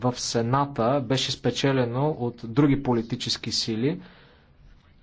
в Сената беше спечелено от други политически сили.